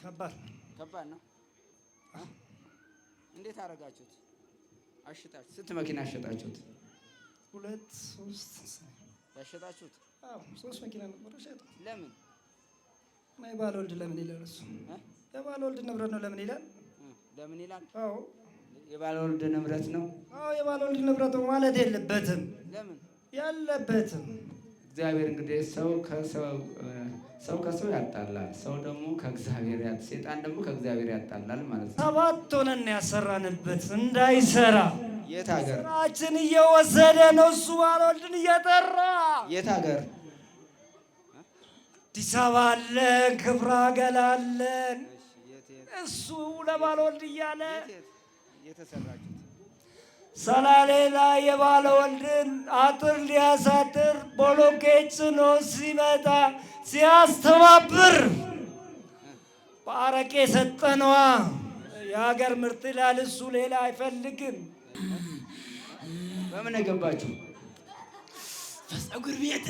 ከባድ ከባድ ነው። እንዴት አደረጋችሁት? አሽጣችሁ ስንት መኪና አሸጣችሁት? ሁለት ሶስት ያሸጣችሁት? ሶስት መኪና ነበር ሸጠው። ለምን ማይ ባለወልድ ለምን ይላል እሱ የባለወልድ ንብረት ነው ለምን ይላል? ለምን ይላል? አዎ የባለወልድ ንብረት ነው። አዎ ወልድ ንብረት ማለት የለበትም። ለምን ያለበትም እግዚአብሔር እንግዲህ ሰው ከሰው ያጣላል፣ ሰው ደግሞ ከእግዚአብሔር ያ ሴጣን ደግሞ ከእግዚአብሔር ያጣላል ማለት ነው። ሰባት ሆነን ያሰራንበት እንዳይሰራ የት ሀገር ስራችን እየወሰደ ነው። እሱ ባልወልድን እየጠራ የት ሀገር አዲስ አበባ አለን፣ ክፍራ ገላለን እሱ ለባልወልድ እያለ ሰላሌላ የባለ ወልድን አጥር ሊያሳጥር ቦሎቄት ጽኖ ሲመጣ ሲያስተባብር በአረቄ ሰጠነዋ የሀገር ምርጥ ይላል እሱ ሌላ አይፈልግም። በምን ገባችሁ? ፀጉር ቤት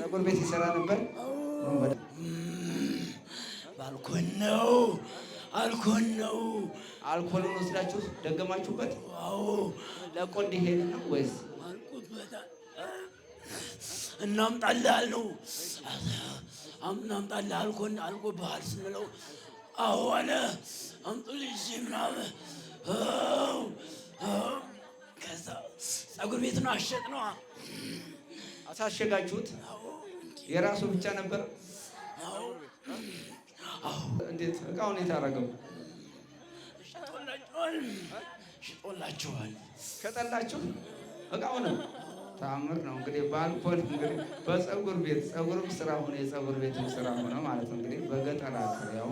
ፀጉር ቤት ይሰራ ነበር። ባልኮን ነው አልኮል ነው። አልኮልን ወስዳችሁ ደገማችሁበት? አዎ። ለቆ እንዲሄድ ነው ወይስ እናምጣልህ አልነው? እናምጣልህ አልኮል አልቆብሃል ስንለው አዎ አለ። አምጡልኝ ምናምን ከዛ ጸጉር ቤት ነው አሸጥነዋ። አሳሸጋችሁት? የራሱ ብቻ ነበር። እንዴት እቃውን የታረገው ሽጦላችኋል? ከጠላችሁ እቃው ነው። ታምር ነው እንግዲህ በአልኮል እንግዲህ በፀጉር ቤት ፀጉርም ስራ ሆነ የፀጉር ቤትም ስራ ሆነ ማለት ነው። እንግዲህ በገጠር ያው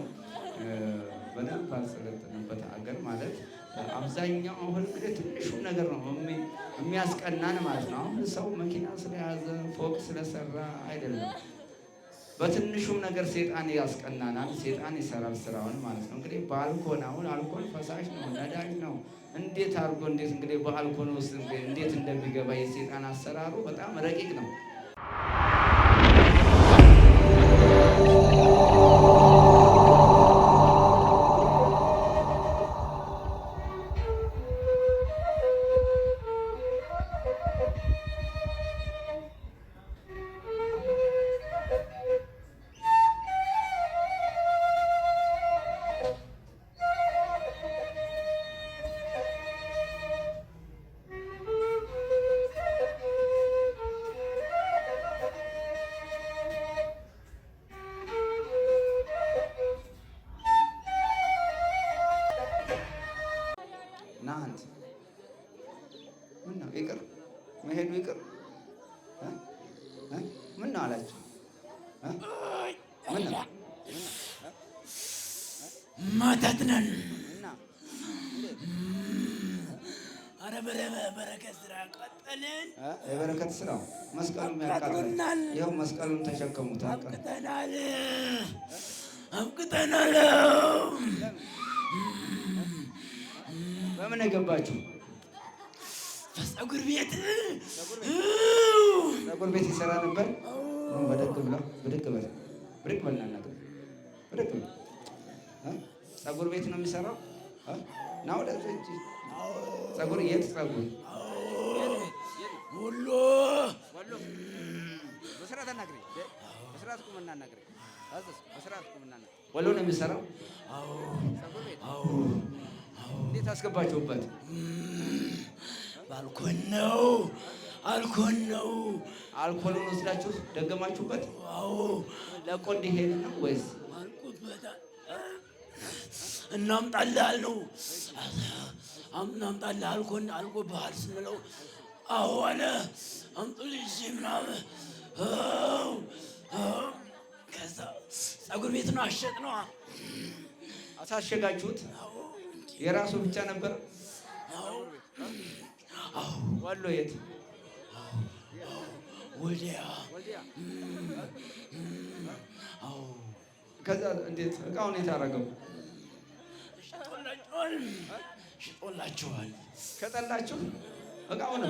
በደንብ ባልሰለጠንበት አገር ማለት አብዛኛው አሁን እንግዲህ ትንሹ ነገር ነው የሚያስቀናን ማለት ነው። አሁን ሰው መኪና ስለያዘ ፎቅ ስለሰራ አይደለም። በትንሹም ነገር ሴጣን ያስቀናናል። ሴጣን ይሰራል ስራውን ማለት ነው። እንግዲህ በአልኮን አሁን አልኮል ፈሳሽ ነው፣ ነዳጅ ነው። እንዴት አድርጎ እንዴት እንግዲህ በአልኮን ውስጥ እንዴት እንደሚገባ የሴጣን አሰራሩ በጣም ረቂቅ ነው። በረከት ስራ ቀጠልን። የበረከት ስራ መስቀሉን ያቃጥሉናል። ይኸው መስቀሉን ተሸከሙት። አብቅተናል፣ አብቅተናል። በምን የገባችሁ? በፀጉር ቤት ፀጉር ቤት ይሰራ ነበር። ብድቅ በል፣ ብድቅ በል፣ ብድቅ በል፣ ብድቅ በል። ፀጉር ቤት ነው የሚሰራው ና ወደ ጸጉር የት ጸጉር ወሎ ወሎ በስርዓት በስርዓት ቁምና አዘዝ በስርዓት ቁምና ወሎ ነው የሚሰራው። አዎ አዎ እንዴት አስገባችሁበት? ባልኮን ነው አልኮል ነው። አልኮልን ወስዳችሁ ደገማችሁበት? አዎ። ለቆ እንዲሄድ ነው ወይስ እናምጣልህ ነው አምናምጣል አልኮን አልኮ ባህል ስንለው አዋለ አምጡልኝ ምናምን ከዛ ጸጉር ቤት ነው አሸጥ ነው አሳሸጋችሁት። የራሱ ብቻ ነበር ወሎ የት ወዲያ ከዛ እንዴት እቃውን የታረገው ሽጦላችኋል። ሸጠላችሁ እቃውን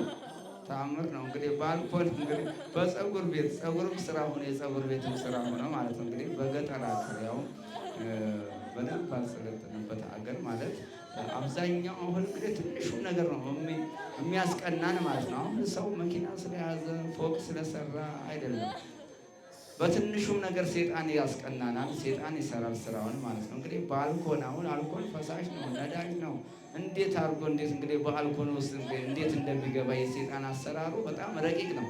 ታምር ነው እንግዲህ በአልኮል እንግዲህ በፀጉር ቤት ፀጉርም ስራ ሆነ የፀጉር ቤትም ስራ ሆነ ማለት ነው። እንግዲህ በገጠር ያው በደንብ ባልሰለጠንበት አገር ማለት አብዛኛው አሁን እንግዲህ ትንሹ ነገር ነው የሚያስቀናን ማለት ነው። አሁን ሰው መኪና ስለያዘ ፎቅ ስለሰራ አይደለም። በትንሹም ነገር ሴጣን ያስቀናናል። ሴጣን ይሰራል ስራውን ማለት ነው። እንግዲህ በአልኮል አሁን አልኮል ፈሳሽ ነው፣ ነዳጅ ነው እንዴት አድርጎ እንዴት እንግዲህ በአልኮል ውስጥ እንዴት እንደሚገባ የሴጣን አሰራሩ በጣም ረቂቅ ነው።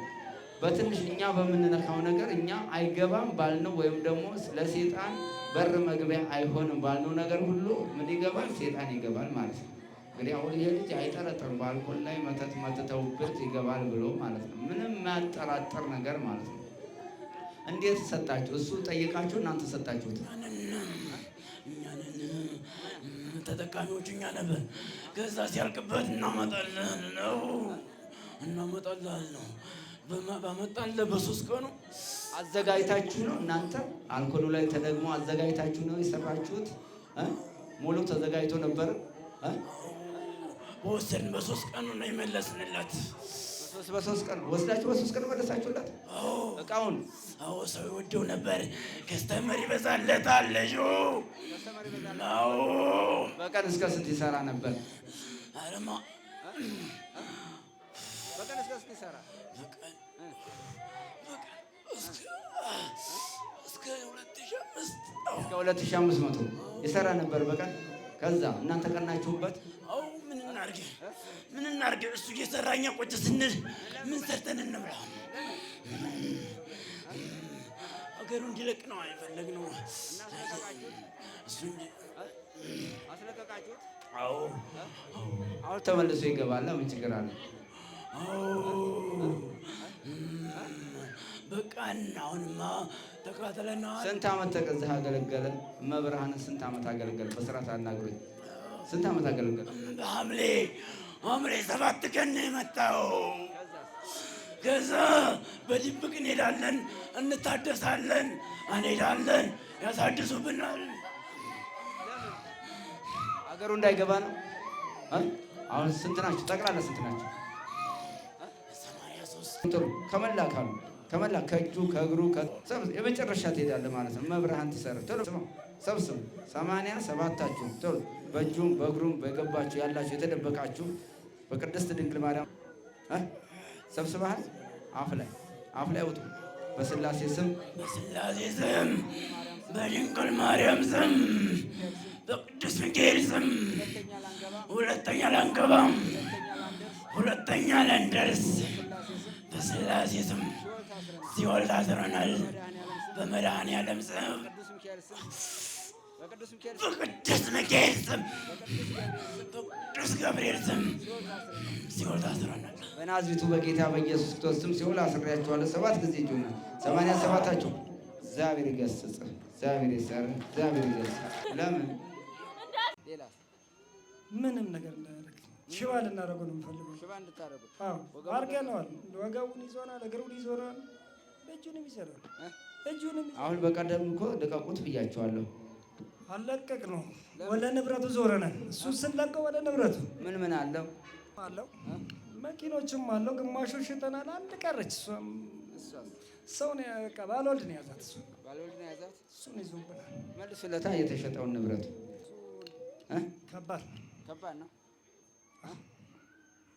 በትንሽ እኛ በምንነካው ነገር እኛ አይገባም ባልነው ወይም ደግሞ ለሴጣን በር መግቢያ አይሆንም ባልነው ነገር ሁሉ ምን ይገባል? ሴጣን ይገባል ማለት ነው። እንግዲህ አሁን ይሄ ልጅ አይጠረጥርም በአልኮል ላይ መተት መትተውበት ይገባል ብሎ ማለት ነው። ምንም የሚያጠራጥር ነገር ማለት ነው። እንዴት ሰጣችሁ? እሱ ጠይቃችሁ እናንተ ሰጣችሁት። ተጠቃሚዎች እኛ ነበር። ከዛ ሲያልቅበት እናመጣልህ ነው እናመጣልህ ነው በመጣለ በሶስት ቀኑ አዘጋጅታችሁ ነው እናንተ አልኮሉ ላይ ተደግሞ አዘጋጅታችሁ ነው የሰራችሁት። ሙሉ ተዘጋጅቶ ነበር። በወሰድን በሶስት ቀኑ ነው የመለስንላት። በሶስት ቀን ወስዳችሁ በሶስት ቀን መለሳችሁላት። እቃውን አዎ፣ ሰው ይወደው ነበር። ከስተመር ይበዛለታል። ልጁ በቀን እስከ ስንት ይሰራ ነበር? በቀን እስከ ስንት ይሰራ? እስከ ሁለት ሺህ አምስት መቶ ይሰራ ነበር በቀን። ከዛ እናንተ ቀናችሁበት እናርግ? ምን እናርግ? እሱ እየሰራኛ ቁጭ ስንል ምን ሰርተን እንብላው? አገሩ እንዲለቅ ነው አይፈለግነው። አስለቀቃችሁት? አዎ። አሁን ተመልሶ ይገባል። ምን ችግር አለ? በቃ አሁንማ ተከታተለና ስንት አመት ተቀዝህ አገለገለ? መብርሃንን ስንት አመት አገለገለ? በስርዓት አናግሩኝ። ስንት ዓመት አገለገለ? ሐምሌ ሐምሌ ሰባት ቀን ነው የመጣው። ከዛ በድብቅ እንሄዳለን፣ እንታደሳለን፣ እንሄዳለን፣ ያሳድሱብናል። አገሩ እንዳይገባ ነው። አሁን ስንት ናቸው? ጠቅላላ ስንት ናቸው? ከመላ ካሉ ተመላ ከእጁ ከእግሩ የመጨረሻ ትሄዳለ ማለት ነው። መብርሃን ትሰር ሰብስቡ ሰማንያ ሰባታችሁ በእጁም በእግሩም በገባችሁ ያላችሁ የተደበቃችሁ በቅድስት ድንግል ማርያም ሰብስበሃል። አፍ ላይ አፍ ላይ ውጡ። በስላሴ ስም በስላሴ ስም በድንግል ማርያም ስም በቅዱስ ሚካኤል ስም ሁለተኛ ላንገባም፣ ሁለተኛ ላንደርስ በስላሴ ስም ሲኦል ታስረናል። በመድኃኔዓለም ስም፣ በቅዱስ ሚካኤል ስም፣ በቅዱስ ገብርኤል ስም ሲኦል ታስረናል። በናዝሪቱ በጌታ በኢየሱስ ክርስቶስ ስም ሲኦል አስሬያቸዋለሁ። ሰባት ጊዜ ጆና ሰማንያ ሰባታቸው እግዚአብሔር ይገስጽ፣ እግዚአብሔር ይሰር፣ እግዚአብሔር ይገስጽ። ለምን ምንም ነገር ሽባ ልናደርገው ነው የምፈልገው። ሽባ እንድታደርጉት አድርገነዋል። ወገቡን ይዞናል፣ እግሩን ይዞናል፣ እጁንም ይዘናል። እጁንም አሁን በቀደም እኮ ልቀቁት ብያቸዋለሁ። አለቀቅ ነው ወደ ንብረቱ ዞረናል። እሱ ስንለቀው ወደ ንብረቱ ምን ምን አለው አለው መኪኖችም አለው። ግማሹ ሽጠናል። አንድ ቀረች። እሷም ሰው ባልወልድ ነው ያዛት። እሱ ባልወልድ ነው ያዛት። እሱን ይዞብናል። መልሱለታ የተሸጠውን ንብረቱ ከባድ ነው። ከባድ ነው።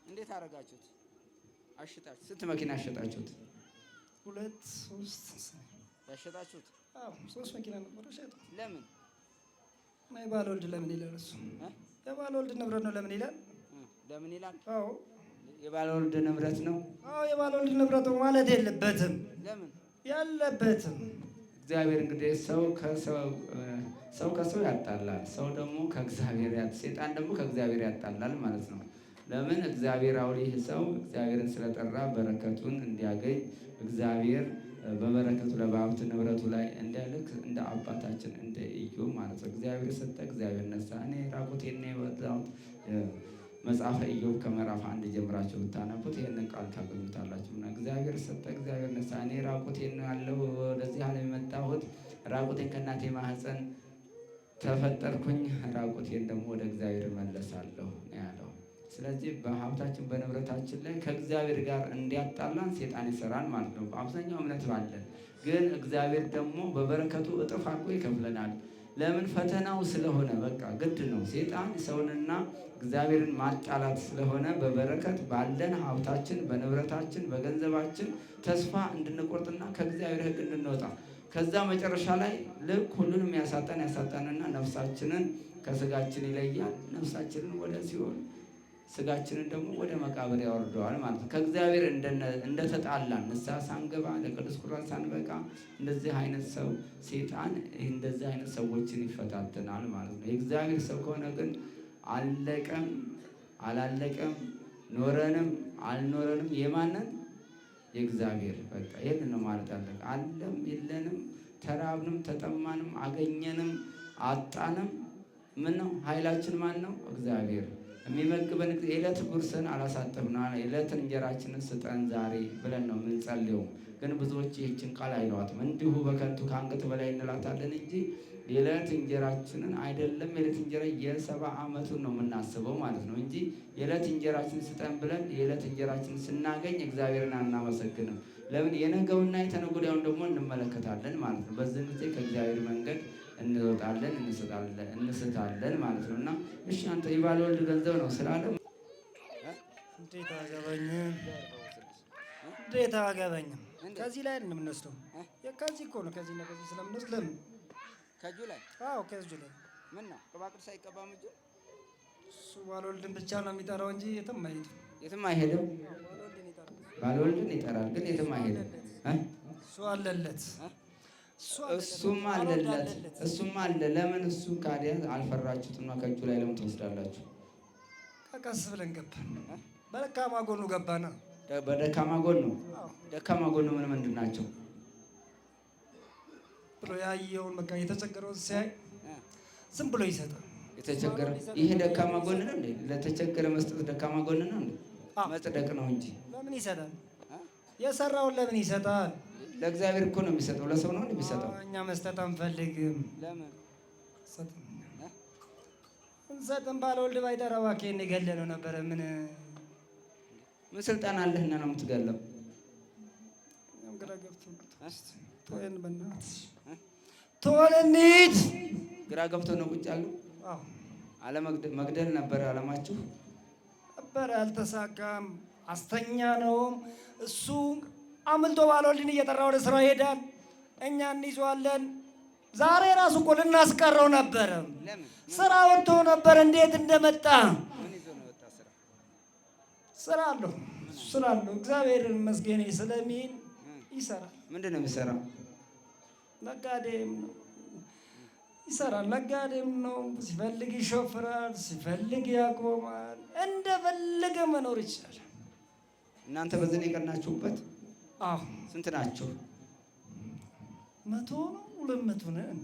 እንዴት አደረጋችሁት? አሽጣችሁ ስንት መኪና አሸጣችሁት? ሁለት ሶስት ያሸጣችሁት? አዎ ሶስት መኪና ነበር ሸጠው። ለምን ማይ ባለ ወልድ ለምን ይላል እሱ የባለ ወልድ ንብረት ነው ለምን ይላል ለምን ይላል? አዎ የባለ ወልድ ንብረት ነው። አዎ የባለ ወልድ ንብረት ማለት የለበትም። ለምን ያለበትም እግዚአብሔር እንግዲህ ሰው ከሰው ሰው ከሰው ያጣላል፣ ሰው ደግሞ ከእግዚአብሔር ሴጣን ደግሞ ከእግዚአብሔር ያጣላል ማለት ነው። ለምን እግዚአብሔር አውሪ ይህ ሰው እግዚአብሔርን ስለጠራ በረከቱን እንዲያገኝ እግዚአብሔር በበረከቱ ለባብቱ ንብረቱ ላይ እንዲያልክ እንደ አባታችን እንደ እዩ ማለት ነው። እግዚአብሔር ሰጠ፣ እግዚአብሔር ነሳ፣ እኔ ራቁቴን ነው የወጣሁት መጽሐፈ ኢዮብ ከምዕራፍ አንድ ጀምራችሁ ብታነቡት ይህንን ቃል ታገኙታላችሁ። እና እግዚአብሔር ሰጠ፣ እግዚአብሔር ነሳ። እኔ ራቁቴን ነው ያለው ወደዚህ ዓለም የመጣሁት ራቁቴን ከእናቴ ማህፀን ተፈጠርኩኝ፣ ራቁቴን ደግሞ ወደ እግዚአብሔር መለሳለሁ ያለው። ስለዚህ በሀብታችን በንብረታችን ላይ ከእግዚአብሔር ጋር እንዲያጣላን ሴጣን ይሰራል ማለት ነው። በአብዛኛው እምነት ባለን ግን እግዚአብሔር ደግሞ በበረከቱ እጥፍ አድርጎ ይከፍለናል። ለምን ፈተናው ስለሆነ በቃ ግድ ነው። ሴጣን ሰውንና እግዚአብሔርን ማጣላት ስለሆነ በበረከት ባለን ሀብታችን፣ በንብረታችን፣ በገንዘባችን ተስፋ እንድንቆርጥና ከእግዚአብሔር ሕግ እንድንወጣ ከዛ መጨረሻ ላይ ልክ ሁሉንም ያሳጣን ያሳጣንና ነፍሳችንን ከስጋችን ይለያል። ነፍሳችንን ወደ ሲሆን ስጋችንን ደግሞ ወደ መቃብር ያወርደዋል ማለት ነው። ከእግዚአብሔር እንደተጣላን ንስሐ ሳንገባ ለቅዱስ ቁርባን ሳንበቃ እንደዚህ አይነት ሰው ሴጣን እንደዚህ አይነት ሰዎችን ይፈታተናል ማለት ነው። የእግዚአብሔር ሰው ከሆነ ግን አለቀም አላለቀም ኖረንም አልኖረንም የማንን የእግዚአብሔር በቃ ይህን ነው ማለት አለቀ። አለም የለንም፣ ተራብንም፣ ተጠማንም፣ አገኘንም፣ አጣንም ምን ነው ኃይላችን ማን ነው? እግዚአብሔር የሚመግበን የዕለት ጉርስን አላሳጥፍና የዕለትን እንጀራችንን ስጠን ዛሬ ብለን ነው የምንጸልየው። ግን ብዙዎች ይህችን ቃል አይለዋትም፣ እንዲሁ በከንቱ ከአንገት በላይ እንላታለን እንጂ የዕለት እንጀራችንን አይደለም። የዕለት እንጀራ የሰባ ዓመቱን ነው የምናስበው ማለት ነው እንጂ የዕለት እንጀራችንን ስጠን ብለን የዕለት እንጀራችንን ስናገኝ እግዚአብሔርን አናመሰግንም። ለምን የነገውና የተነጎዳዩን ደግሞ እንመለከታለን ማለት ነው። በዚህ ጊዜ ከእግዚአብሔር መንገድ እንወጣለን እንስታለን ማለት ነው። እና እሺ አንተ የባለወልድ ገንዘብ ነው ስላለ እንዴት አገባኝም እንዴት አገባኝም ከዚህ ላይ እንደምንወስደው ከዚህ እኮ ነው ከዚህ ነው ስለምንወስድ ለምን ከእጁ ላይ አዎ ከእጁ ላይ ምን ነው ቅባ ቅዱስ አይቀባም እጁ እሱ ባለወልድን ብቻ ነው የሚጠራው እንጂ የትም አይሄድም የትም አይሄድም ባለወልድን ይጠራል ግን የትም አይሄድም እሱ አለለት እሱም አለለት እሱም አለ። ለምን እሱ ካዲያ አልፈራችሁትና ከእጁ ላይ ለምን ትወስዳላችሁ? ቀስ ብለን ገባን። በደካማ ጎኑ ገባና በደካማ ጎኑ ደካማ ጎኑ ምን ምንድን ናቸው ብሎ ያየውን በቃ የተቸገረውን ሲያይ ዝም ብሎ ይሰጣል። የተቸገረ ይሄ ደካማ ጎን ነው እንዴ? ለተቸገረ መስጠት ደካማ ጎን ነው እንዴ? መጽደቅ ነው እንጂ ለምን ይሰጣል? የሰራውን ለምን ይሰጣል? ለእግዚአብሔር እኮ ነው የሚሰጠው፣ ለሰው ነው የሚሰጠው። እኛ መስጠት አንፈልግም። ለምን እንሰጥም? ባለወልድ ባይጠራ እባክህ የገለነው ነበረ። ምን ምን ስልጣን ነው የምትገለው? ቶልኒት ግራ ገብቶ ነው ቁጭ ያለው። አለመግደል ነበር አለማችሁ ነበር፣ አልተሳካም። አስተኛ ነውም እሱ አምልቶ ባልወልድን እየጠራ ወደ ስራው ሄደ። እኛ እንይዘዋለን። ዛሬ ራሱ እኮ ልናስቀረው ነበረ። ስራ ወጥቶ ነበር። እንዴት እንደመጣ ስራ አለው ስራ አለው። እግዚአብሔር ይመስገን ስለሚል ይሰራል። ምንድን ነው የሚሰራው? ነጋዴም ነው ይሰራል። ነጋዴም ነው። ሲፈልግ ይሾፍራል፣ ሲፈልግ ያቆማል። እንደፈለገ መኖር ይችላል። እናንተ በዚህ ነው የቀናችሁበት ስንት ናችሁ? መቶ ነው ሁለት መቶ ነን።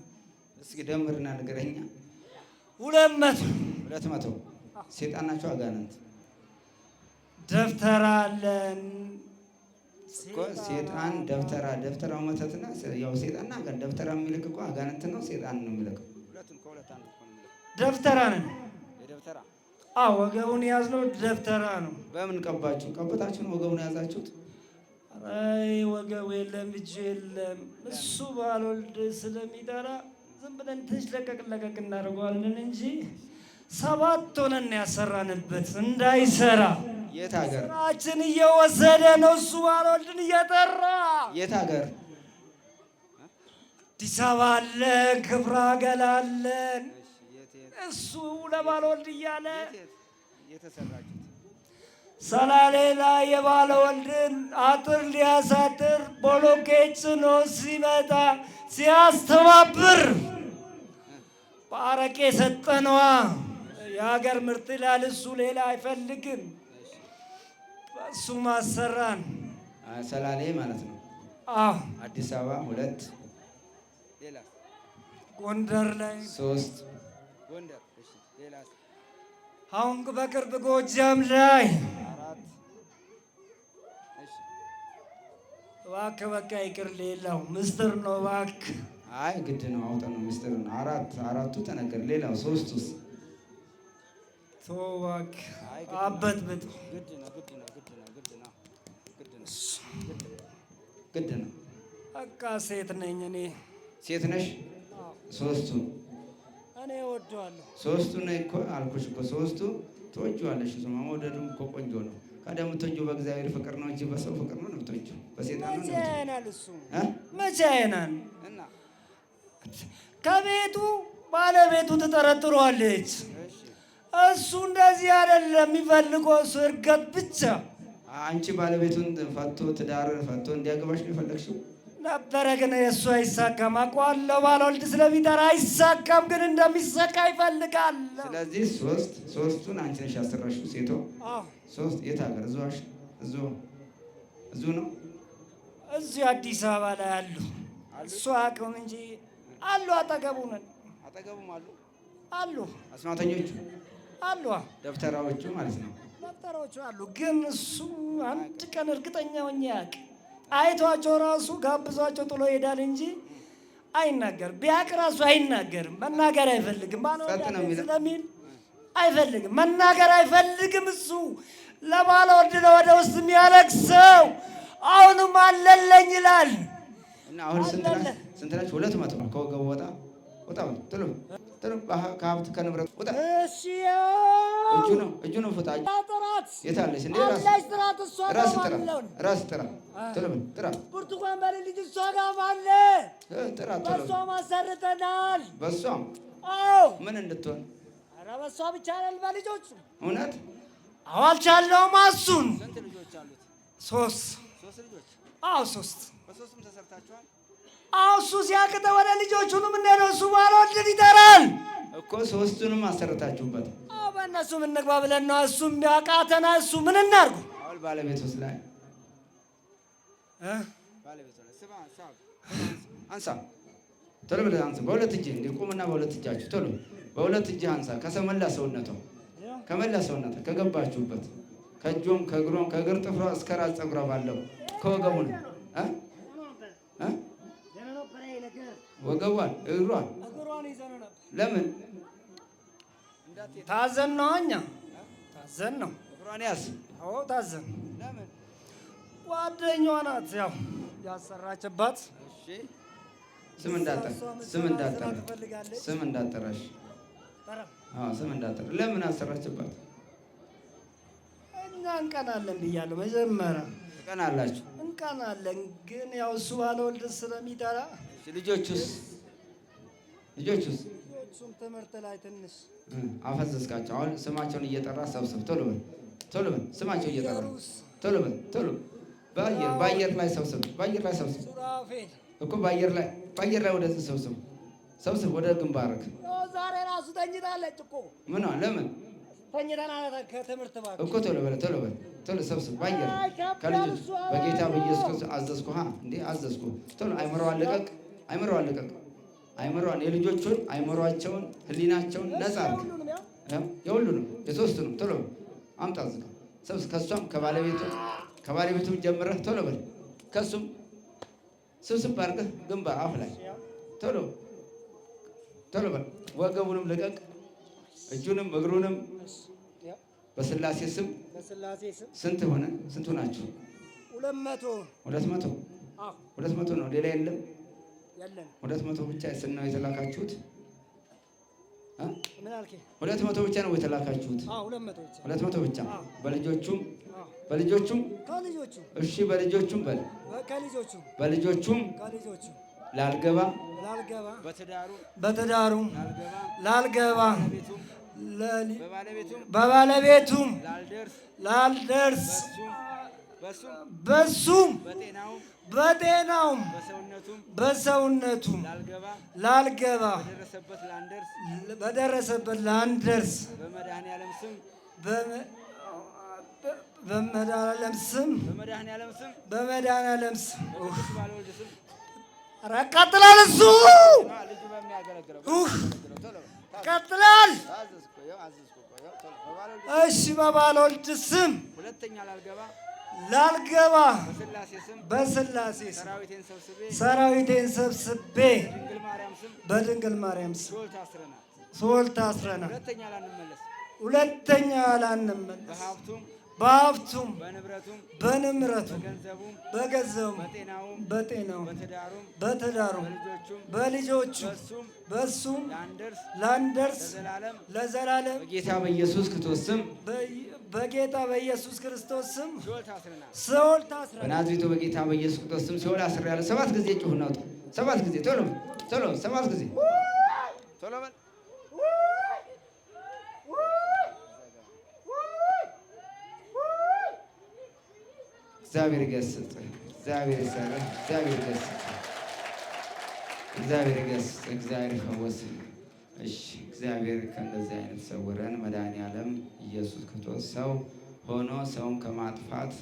እስኪ ደምርና ንገረኛ። ሁለት መቶ ሁለት መቶ ሴጣን ናቸው አጋንንት ደብተራ አለን እኮ ሴጣን ደብተራ ደብተራው መተት ያው ሴጣን እና ደብተራ የሚልክ እኮ አጋንንት ነው። ሴጣን ነው የሚልከው። ደብተራ ነን። አዎ ወገቡን የያዝነው ደብተራ ነው። በምን ቀባችሁ? ቀበታችሁን ወገቡን የያዛችሁት አይ ወገቡ የለም እጁ የለም። እሱ ባልወልድ ስለሚጠራ ዝም ብለን ትንሽ ለቀቅ ለቀቅ እናደርገዋለን እንጂ ሰባት ሆነን ያሰራንበት እንዳይሰራ የት ሀገር ስራችን እየወሰደ ነው። እሱ ባልወልድን እየጠራ የት ሀገር አዲስ አበባ አለን፣ ክብረ ገላለን እሱ ለባልወልድ እያለ ሰላሌላ የባለ ወልድን አጥር ሊያሳጥር ቦሎቄት ጽኖ ሲመጣ ሲያስተባብር በአረቄ ሰጠነዋ የሀገር ምርት ይላል እሱ ሌላ አይፈልግም። እሱ ማሰራን ሰላሌ ማለት ነው። አዲስ አበባ ሁለት ጎንደር ላይ ሶስት አሁን በቅርብ ጎጃም ላይ እባክህ በቃ ይቅር ሌላው ምስጢር ነው እባክህ። አይ ግድ ነው አውጣ ነው ምስጢር ነው። አራት አራቱ ተነገር ሌላው ሶስቱስ ተወው እባክህ አበት ብጥ ግድ ነው ግድ ነው ግድ ነው ግድ ነው ግድ ነው ግድ ነው በቃ ሴት ነኝ እኔ። ሴት ነሽ? ሶስቱ እኔ እወደዋለሁ። ነኝ እኮ አልኩሽ እኮ ሶስቱ ትወጂዋለሽ። እሱማ መውደዱም እኮ ቆንጆ ነው። ካዲያ የምትወጂው በእግዚአብሔር ፍቅር ነው እንጂ በሰው ፍቅር ነው የምትወጂው። በሴጣን መቼ ያየናል? እሱ መቼ ያየናል? ከቤቱ ባለቤቱ ትጠረጥሯለች። እሱ እንደዚህ አይደለም የሚፈልገው እሱ እርገት ብቻ። አንቺ ባለቤቱን ፈቶ ትዳር ፈቶ እንዲያገባሽ ነው የፈለግሽው ነበረ ግን የእሱ አይሳካም። አውቀዋለሁ ባልወልድ ስለሚጠራ አይሳካም፣ ግን እንደሚሰካ ይፈልጋል። ስለዚህ ሶስት ሶስቱን አንቺ ነሽ ያሰራሽው። ሴቶ ሶስት የት ሀገር? እዚዋሽ እዚሁ እዚሁ ነው። እዚሁ አዲስ አበባ ላይ አሉ። እሱ አቅም እንጂ አሉ። አጠገቡ ነን። አጠገቡም አሉ አሉ። አስማተኞቹ አሉ። ደብተራዎቹ ማለት ነው። ደብተራዎቹ አሉ። ግን እሱ አንድ ቀን እርግጠኛ ሆኜ ያውቅ አይቷቸው ራሱ ጋብዟቸው ጥሎ ይሄዳል እንጂ አይናገርም። ቢያቅ ራሱ አይናገርም። መናገር አይፈልግም ስለሚል አይፈልግም። መናገር አይፈልግም። እሱ ለባለወድ ነው ወደ ውስጥ ሰው አሁንም አለለኝ ይላል። አሁን ስንት ናቸው? ሁለት መቶ ነው ከወገቡ ወጣ ውጣ ጥሉ ጥሉ ከሀብት ከንብረት ውጣ። እጁ ነው እጁ ነው ፍታ። የታለች እንዴ? ራስ ጥራ ራስ ጥራ ጥሉ ጥራ። ብርቱካን በል ልጅ እሷ ጋር አለ ጥራ ጥሉ። በሷም አሰርተናል። በሷም አዎ፣ ምን እንድትሆን? ኧረ በሷ ብቻ አይደል በልጆቹ እውነት አዋልቻለሁ። ማሱን ስንት ልጆች አሉት? ሶስት ሶስት ልጆች። አዎ ሶስት። በሶስቱም ተሰርታችኋል እሱ ሲያቅተ ወደ ልጆቹንም እንደነሱ በኋላ ይጠራል እኮ። ሶስቱንም አሰረታችሁበት። በእነሱም እንግባ ብለን ነው። እሱም ቢያቃተና እሱ ምን እናርጉ? አሁን ባለቤቱ ላይ አንሳ፣ ቶሎ ብለህ አንሳ። በሁለት እጅ እንዲህ ቁምና፣ በሁለት እጃችሁ ቶሎ፣ በሁለት እጅ አንሳ። ከሰመላ ሰውነቷ ከመላ ሰውነቷ ከገባችሁበት ከእጆም ከእግሮም ከእግር ጥፍሯ እስከ ራስ ፀጉሯ ባለው ከወገቡ ነው ወገቧን እግሯን ለምን ታዘን ነው? እኛ ታዘን ነው። እግሯን ያዝ። አዎ ታዘን። ለምን ጓደኛዋ ናት ያው ያሰራችባት። ስም እንዳጠራ ስም እንዳጠራ ስም እንዳጠራሽ ስም እንዳጠራ። ለምን አሰራችባት? እኛ እንቀናለን ብያለሁ መጀመሪያ። እንቀናላችሁ? እንቀናለን ግን ያው እሱ ባለወልድ ስለሚጠራ ልጆቹስ ልጆቹስ እሱም ትምህርት ላይ ትንሽ አፈዘዝካቸው። አሁን ስማቸውን እየጠራ ሰብስብ። ቶሎ በል ቶሎ በል ስማቸውን እየጠራ ቶሎ በል ቶሎ በአየር በአየር ላይ ሰብስብ። በአየር ላይ ሰብስብ እኮ በአየር ላይ በአየር ላይ ወደዚህ ሰብስብ ሰብስብ። ወደ ግንባርክ ዛሬ ራሱ ተኝታለች እኮ ምኗ ለምን ከትምህርት እኮ ቶሎ ቶሎ ቶሎ ሰብስብ። በአየር ከልጆች በጌታ በኢየሱስ አዘዝኩ። እንዴ አዘዝኩ። ቶሎ አይምሮ አለቀቅ አይምሯን የልጆቹን አይምሯቸውን ህሊናቸውን ነጻ አድርግ። የሁሉንም የሶስቱንም ቶሎ አምጣ ዝጋ ሰብስ ከእሷም ከባለቤቱ ከባለቤቱም ጀምረህ ቶሎ በል ከእሱም ስብስብ አድርገህ ግንባ አፍ ላይ ቶሎ ቶሎ በል ወገቡንም ልቀቅ፣ እጁንም እግሩንም በስላሴ ስም ስንት ሆነ? ስንቱ ናችሁ? ሁለት መቶ ሁለት መቶ ነው፣ ሌላ የለም። ሁለት መቶ ብቻ ነው የተላካችሁት? ሁለት መቶ ብቻ ነው የተላካችሁት? ሁለት መቶ ብቻ በልጆቹም በልጆቹም እሺ፣ በልጆቹም በል በልጆቹም ላልገባ በትዳሩ ላልገባ በባለቤቱም ላልደርስ በሱም በጤናውም በሰውነቱም ላልገባ በደረሰበት ላንደርስ በመድኃኒዓለም ስም በመድኃኒዓለም ስም ኧረ ቀጥላል። እሱ ቀጥላል። እሺ በባለወልድ ስም ላልገባ በስላሴ ስም ሰራዊቴን ሰብስቤ በድንግል ማርያም ስም ሶል ታስረናል። ሁለተኛ ላንመለስ። በሀብቱም በንብረቱም በገንዘቡም በጤናውም በትዳሩም በልጆቹም በሱም ላንደርስ ለዘላለም በጌታ በኢየሱስ ክርስቶስ ስም በጌታ በኢየሱስ ክርስቶስ ስም ሲኦል ታስረናል። በናዝሬቱ በጌታ በኢየሱስ ክርስቶስ ስም ሲኦል አስሬያለሁ። ሰባት ጊዜ ጩኸና ውጡ። ሰባት ጊዜ ቶሎ ቶሎ፣ ሰባት ጊዜ ቶሎ በል። እግዚአብሔር ይገስጽ፣ እግዚአብሔር ይሰራ፣ እግዚአብሔር ይገስጽ፣ እግዚአብሔር ይገስጽ፣ እግዚአብሔር ይፈወስ። እሺ እግዚአብሔር ከእንደዚህ አይነት ሰውረን። መድኃኔዓለም ኢየሱስ ክርስቶስ ሰው ሆኖ ሰውን ከማጥፋት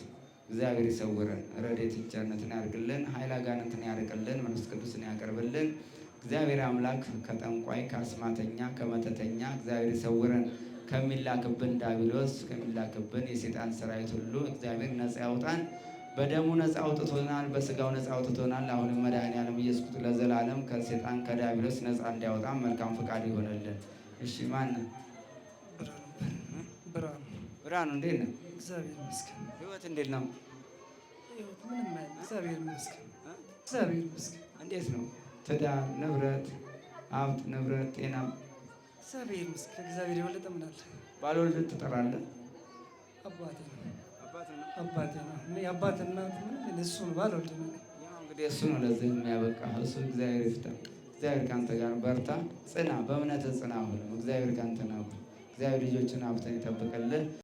እግዚአብሔር ይሰውረን። ረድኤት ቸርነትን ያድርግልን፣ ኃይለ አጋንንትን ያርቅልን፣ መንፈስ ቅዱስን ያቀርብልን። እግዚአብሔር አምላክ ከጠንቋይ ከአስማተኛ ከመተተኛ እግዚአብሔር ይሰውረን። ከሚላክብን ዳቢሎስ ከሚላክብን የሴጣን ሰራዊት ሁሉ እግዚአብሔር ነጻ ያውጣን። በደሙ ነፃ አውጥቶናል፣ በስጋው ነፃ አውጥቶናል። አሁንም መድኃኔዓለም ኢየሱስ ለዘላለም ከሴጣን ከዲያብሎስ ነፃ እንዲያወጣ መልካም ፈቃድ ይሆነልን። እሺ፣ ማን ብርሃኑ? እንዴት ነው? እግዚአብሔር ይመስገን። ህይወት እንዴት ነው? እግዚአብሔር ይመስገን። እግዚአብሔር ይመስገን። እንዴት ነው ትዳር፣ ንብረት፣ ሀብት፣ ንብረት፣ ጤና? እግዚአብሔር ይመስገን። እግዚአብሔር የበለጠ ምን አለ? ባልወልድ ትጠራለህ አባቴ አባቴ የአባት እናት ምን እሱ ነው ባልወልድ እንግዲህ እሱ ነው ለዚህ የሚያበቃ እሱ እግዚአብሔር ይፍታ። እግዚአብሔር ካንተ ጋር በርታ፣ ጽና፣ በእምነት ጽና። ሁሉ እግዚአብሔር ካንተ ነው። እግዚአብሔር ልጆችን ሀብተን ይጠብቅልን።